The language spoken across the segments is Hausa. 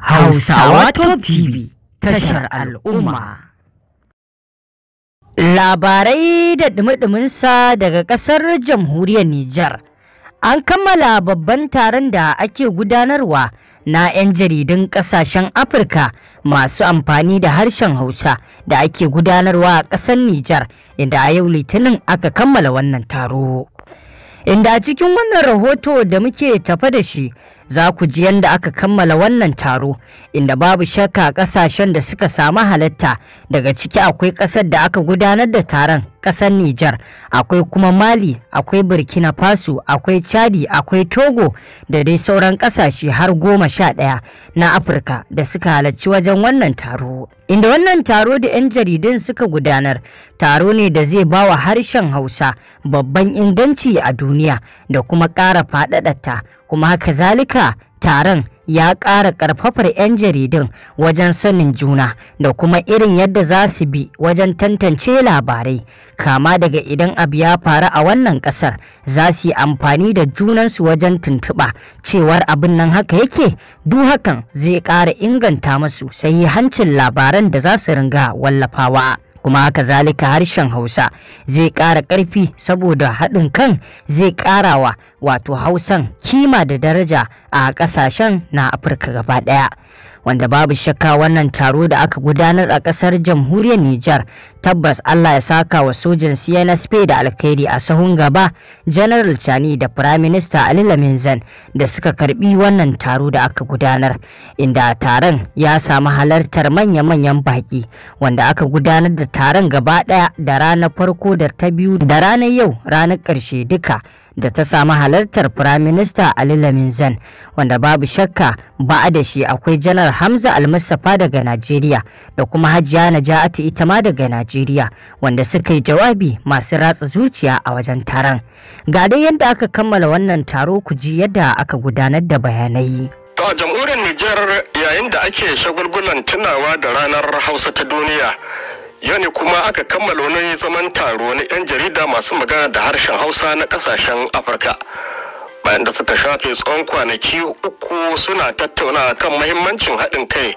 Hausawa Top TV tashar al'umma. Labarai da ɗumi sa daga ƙasar jamhuriyar Nijar. An kammala babban taron da ake gudanarwa na 'yan jaridun ƙasashen Afirka masu amfani da harshen Hausa da ake gudanarwa a ƙasar Nijar inda a yau Litinin aka kammala wannan taro. Inda cikin wannan rahoto da muke tafa da shi za ku ji yadda aka kammala wannan taro inda babu shakka ƙasashen da suka samu halitta daga ciki akwai ƙasar da aka gudanar da taron ƙasar Nijar akwai kuma Mali akwai Burkina Faso akwai Chadi akwai Togo da dai sauran ƙasashe har goma sha ɗaya na Afirka da suka halarci wajen wannan taro inda wannan taro da 'yan jaridun suka gudanar taro ne da zai ba wa harshen Hausa babban inganci a duniya da kuma ƙara faɗaɗata kuma haka zalika taron ya ƙara ƙarfafar 'yan jaridun wajen sanin juna da kuma irin yadda za su bi wajen tantance labarai kama daga idan abu ya faru a wannan ƙasar za su yi amfani da junansu wajen tuntuɓa cewar abin nan haka yake duk hakan zai ƙara inganta masu hancin labaran da za su ringa wallafawa. kuma haka zalika harshen hausa zai ƙara ƙarfi saboda haɗin kan zai ƙarawa wato hausan kima da daraja a ƙasashen na afirka gaba ɗaya wanda babu shakka wannan taro da aka gudanar a kasar jamhuriyar Nijar tabbas Allah ya saka wa sojan CNSP da alkhairi a sahun gaba General Chani da Prime Minister Ali Laminzan da suka karbi wannan taro da aka gudanar inda taron ya samu halartar manya-manyan baki wanda aka gudanar da taron gaba daya da ranar farko da ta biyu da ranar yau ranar ƙarshe duka da ta samu halartar firaminista Ali Lamin wanda babu shakka ba da shi akwai janar Hamza Al-Mustapha daga Najeriya da kuma Hajiya Naja'atu ita ma daga Najeriya wanda suka yi jawabi masu ratsa zuciya a wajen taron. Ga dai yadda aka kammala wannan taro ku ji yadda aka gudanar da bayanai. A jamhuriyar Nijar yayin da ake shagulgulan tunawa da ranar Hausa ta duniya yau ne kuma aka kammala wani zaman taro na 'yan jarida masu magana da harshen hausa na kasashen afirka bayan da suka shafe tsawon kwanaki uku suna tattauna kan mahimmancin haɗin kai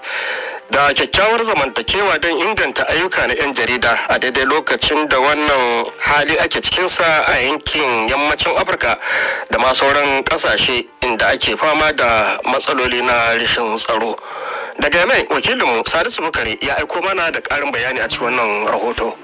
da kyakkyawar zamantakewa don inganta ayyuka na 'yan jarida a daidai lokacin da wannan hali ake cikinsa a yankin yammacin afirka da ma sauran ƙasashe inda ake fama da matsaloli na rashin tsaro. daga nan wakilinmu salisu bukari ya aiko mana da karin bayani a cikin wannan rahoto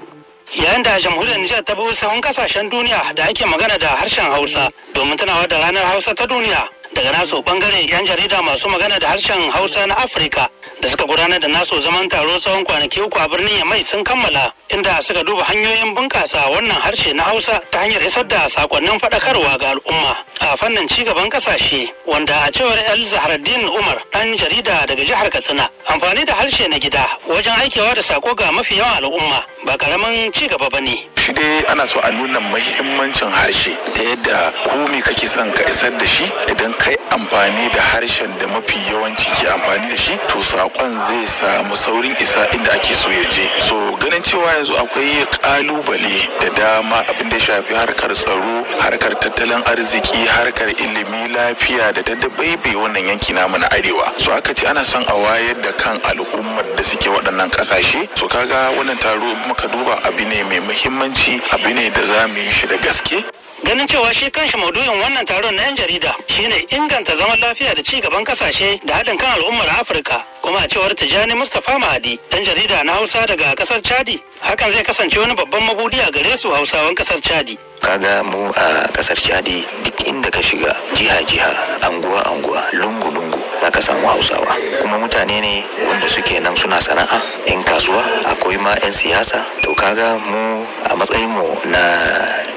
yayin da jamhuriyar nijar ta bi tsawon kasashen duniya da ake magana da harshen hausa domin tunawa da ranar hausa ta duniya daga naso bangare yan jarida masu magana da harshen hausa na afirka da suka gudanar da naso zaman taro tsawon kwanaki uku a birnin yamai sun kammala inda suka duba hanyoyin bunkasa wannan harshe na hausa ta hanyar isar da sakonnin faɗakarwa ga al'umma a fannin cigaban ƙasashe wanda a cewar el zaharaddin umar ɗan jarida daga jihar katsina amfani da harshe na gida wajen aikewa da sako ga mafi yawan al'umma ba karamin cigaba ba ne shi dai ana so a nuna mahimmancin harshe ta yadda komi kake son ka isar da shi idan kai amfani da harshen da mafi yawanci ke amfani da shi to saƙon zai samu saurin isa inda ake so ya je so ganin cewa yanzu akwai kalubale da dama abin da shafi harkar tsaro harkar tattalin arziki harkar ilimi lafiya da ta dabaibe wannan yanki namu na arewa so aka ce ana son a wayar da kan al'ummar da suke waɗannan ƙasashe so kaga wannan taro muka duba abu ne mai muhimmanci abu ne da za mu yi shi da gaske ganin cewa shi kanshi maudu'in wannan taron na 'yan jarida shine inganta zaman lafiya da ci gaban kasashe da haɗin kan al'ummar afirka kuma a cewar tijjani mustapha mahadi Ɗan jarida na hausa daga kasar chadi hakan zai kasance wani babban mabudi a gare su hausawan kasar chadi kaga mu a kasar chadi duk inda ka shiga jiha jiha anguwa anguwa lungu lungu za ka samu hausawa kuma mutane ne wanda suke nan suna sana'a yan kasuwa akwai ma yan siyasa to kaga mu a matsayin mu na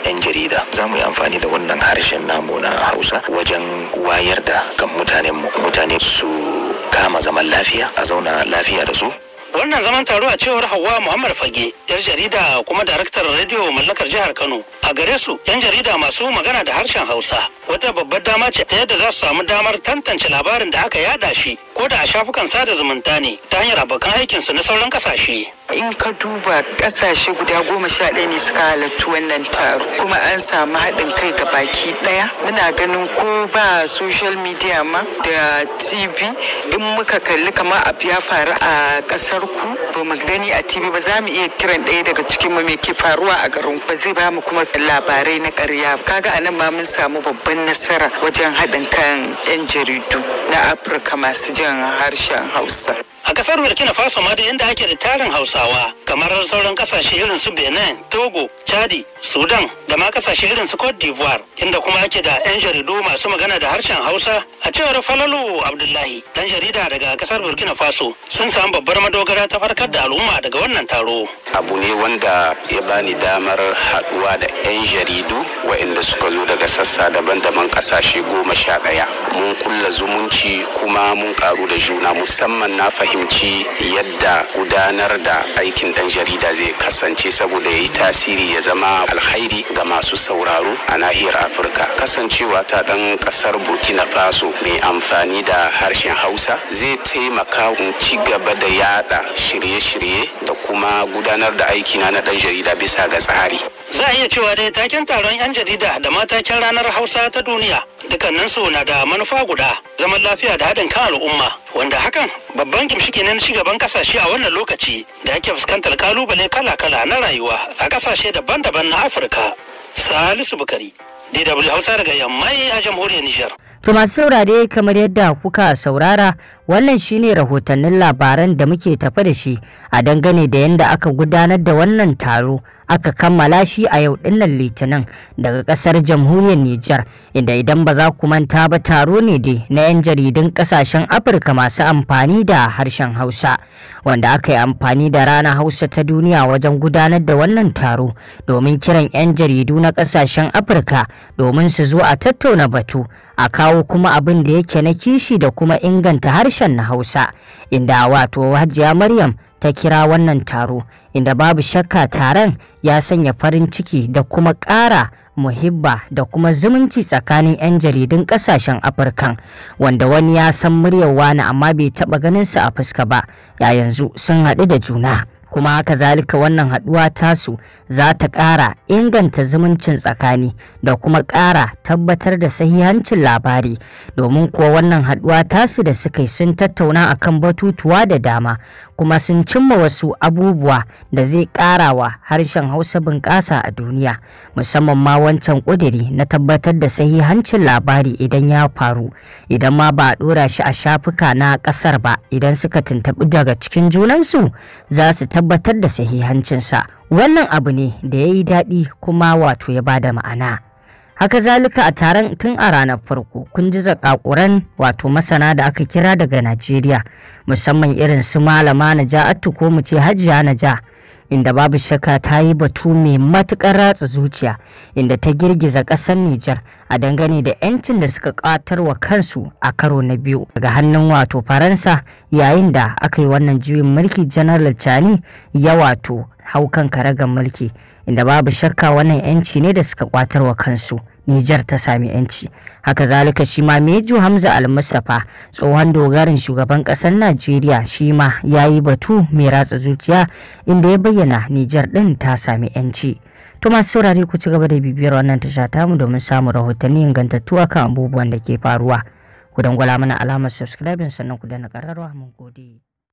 yan jarida da za mu yi amfani da wannan harshen namu na hausa wajen wayar da kan mutane mutane su kama zaman lafiya a zauna lafiya da su wannan zaman taro a cewar hawa muhammad fage yar jarida kuma daraktar rediyo mallakar jihar kano a gare su yan jarida masu magana da harshen hausa wata babbar dama ce ta yadda za su samu damar tantance labarin da aka yada shi ko da a shafukan sada zumunta ne ta hanyar abokan aikinsu na sauran kasashe in ka duba kasashe guda goma sha ɗaya ne suka halarci wannan taro kuma an samu haɗin kai ga baki ɗaya muna ganin ko ba social media ma da tv in muka kalli kamar abu ya faru a ƙasar ku ba mu gani a tv ba za mu iya kiran ɗaya daga cikin mu me ke faruwa a garin ba zai ba mu kuma labarai na ƙarya kaga anan ma mun samu babban nasara wajen haɗin kan 'yan jaridu na afirka masu jan harshen hausa a kasar burkina faso ma da yadda ake da tarin hausawa kamar sauran kasashe irin su benin togo chadi sudan da ma kasashe irin su cote d'ivoire inda kuma ake da 'yan jaridu masu magana da harshen hausa a cewar falalu abdullahi dan jarida daga kasar burkina faso sun samu babbar madogara ta farkar da al'umma daga wannan taro abu ne wanda ya bani damar haɗuwa da 'yan jaridu wa'inda suka zo daga sassa daban-daban kasashe goma sha ɗaya mun kulla zumunci kuma mun karu da juna musamman na fahimta. fahimci yadda gudanar da aikin ɗan jarida zai kasance saboda ya yi tasiri ya zama alhairi ga masu sauraro a nahiyar afirka kasancewa ta ɗan ƙasar burkina faso mai amfani da harshen hausa zai taimaka ci gaba da yada shirye-shirye da kuma gudanar da aikina na ɗan jarida bisa ga tsari za a iya cewa dai taken taron 'yan jarida da matakin ranar hausa ta duniya dukkaninsu na da manufa guda zaman lafiya da haɗin kan al'umma wanda hakan babban gimshiki ne na cigaban kasashe a wannan lokaci da ake fuskantar kalubale kala-kala na rayuwa a kasashe daban-daban na afirka salisu bukari dw hausa daga yammai a jamhuriyar Niger. To masu saurare kamar yadda kuka saurara wannan shine rahotannin labaran da muke tafe da shi a dangane da yadda aka gudanar da wannan taro aka kammala shi a yau dinnan litinin daga kasar jamhuriyar Nijar inda idan ba za ku manta ba taro ne dai na 'yan jaridun kasashen Afirka masu amfani da harshen Hausa wanda aka yi amfani da rana Hausa ta duniya wajen gudanar da wannan taro domin kiran 'yan jaridu na kasashen Afirka domin su zo a tattauna batu a kawo kuma abin da yake na kishi da kuma inganta harshen na Hausa inda wato Hajiya Maryam ta kira wannan taro inda babu shakka taron ya sanya farin ciki da kuma ƙara muhibba da kuma zumunci tsakanin 'yan jaridun ƙasashen afirkan wanda wani ya san muryar wani amma bai taɓa su a fuska ba ya yanzu sun haɗu da juna kuma haka zalika wannan haɗuwa tasu za ta ƙara inganta zumuncin tsakani da kuma ƙara tabbatar da sahihancin labari domin kuwa wannan haɗuwa tasu da suka yi sun tattauna akan batutuwa da dama kuma sun cimma wasu abubuwa da zai ƙara wa harshen hausa bunƙasa a duniya musamman ma wancan ƙudiri na tabbatar da sahihancin labari idan ya faru idan ma ba a ɗora shi a shafuka na ƙasar ba idan suka tuntaɓi daga cikin junansu za su tabbatar da sahihancinsa wannan abu ne da ya yi daɗi kuma wato ya ba da ma'ana haka zalika a taron tun a ranar farko kun ji zakakuran wato masana da aka kira daga najeriya musamman irin su malama naja'atu ko mu ce hajiya naja inda babu shakka ta yi batu mai matuƙar ratsa zuciya inda ta girgiza ƙasar Nijar a dangane da 'yancin da suka ƙatar wa kansu a karo na biyu daga hannun wato Faransa yayin da aka yi wannan juyin mulki Janar Chani ya wato haukan karagar mulki inda babu shakka wannan yanci ne da suka kwatarwa kansu Nijar ta sami yanci haka zalika shi ma Mejo Hamza Al-Mustapha tsohon dogarin shugaban ƙasar Najeriya shi ma yayi batu mai ratsa zuciya inda ya bayyana Nijar ɗin ta sami yanci to masu saurare ku ci gaba da bibiyar wannan tasha tamu domin samun rahotanni ingantattu akan abubuwan da ke faruwa ku dangwala mana alamar subscribe sannan ku danna ƙararwa mun gode